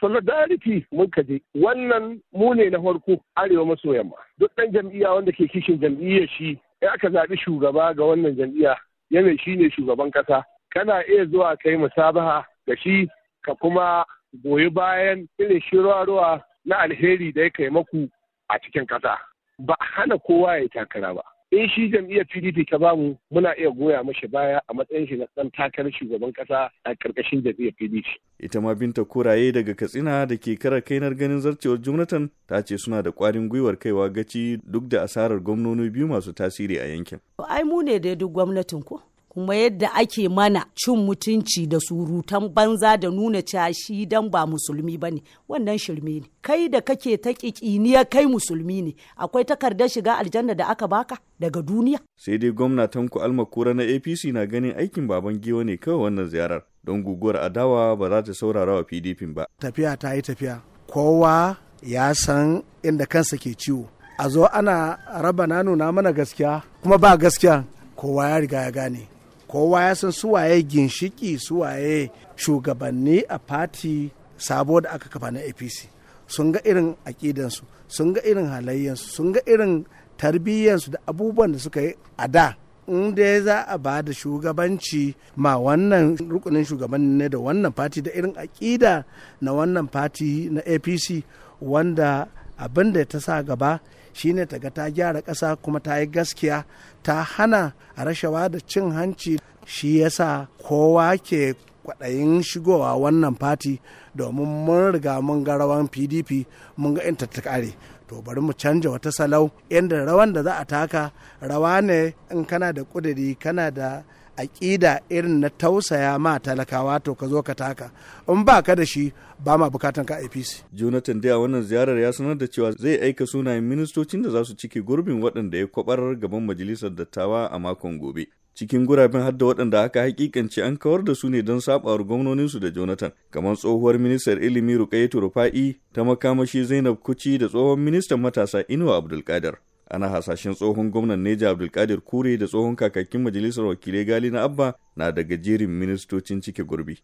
solidarity ka je wannan mu ne na farko arewa maso yamma duk ɗan jam'iyya wanda ke kishin jam'iyyar shi ya aka zaɓi shugaba ga wannan jam'iyya yana shi ne shugaban ƙasa kana iya zuwa kai musabaha da shi ka kuma goyi bayan irin shirarwa na alheri da ya kai maku a cikin ƙasa ba hana kowa ya yi takara ba in eh, shi jam'iyyar pdp ta bamu muna iya goya mashi baya a matsayin shi na ɗan takarar shugaban ƙasa a karkashin jam'iyyar pdp ita ma binta koraye daga katsina da ke kara kainar ganin zarcewar jonathan ta ce suna da ƙwarin gwiwar kaiwa gaci duk da asarar gwamnoni biyu masu tasiri a yankin ai mu ne da duk gwamnatin ko kuma yadda ake mana cin mutunci da surutan banza da nuna cewa shi dan ba musulmi ba ne wannan shirme ne kai da kake ta kikiniya kai musulmi ne akwai takardar shiga aljanna da aka baka daga duniya sai dai gwamnatan ku almakura na apc na ganin aikin baban giwa ne kawai wannan ziyarar don guguwar adawa ba za ta saurara wa pdp ba tafiya ta yi tafiya kowa ya san inda kansa ke ciwo a zo ana raba na nuna mana gaskiya kuma ba gaskiya kowa ya riga ya gane kowa ya san suwaye ginshiki suwaye shugabanni a fati sabo da aka kafa na apc sun ga irin aƙidansu sun ga irin halayyansu sun ga irin tarbiyyansu da abubuwan da suka yi a da in dai za a ba da shugabanci ma wannan rukunin shugabanni ne da wannan fati da irin aƙida na wannan fati na apc wanda abin da ta sa gaba shine ta ga ta gyara ƙasa kuma ta yi gaskiya ta hana rashawa da cin hanci shi yasa kowa ke kwaɗayin shigowa wannan fati domin mun riga mun ga rawan pdp mun ga inta ta kare to bari mu canja wata salau inda rawan da za a taka rawa ne in kana da ƙudiri kana da aƙida irin na tausaya ma talakawa to ka zo ka taka in ba ka da shi ba ma bukatan ka apc jonathan dai a wannan ziyarar ya sanar da cewa zai aika sunayen ministocin da za su cike gurbin waɗanda ya kwabar gaban majalisar dattawa a makon gobe cikin guraben hadda waɗanda aka hakikance an kawar da su ne don sabawar gwamnoninsu da jonathan kamar tsohuwar ministar ilimi rukayetu rufa'i ta makamashi zainab kuci da tsohon ministan matasa inuwa abdulkadir ana hasashen tsohon gwamnan neja abdulkadir kure da tsohon kakakin majalisar wakilai gali na abba na daga jerin ministocin cike gurbi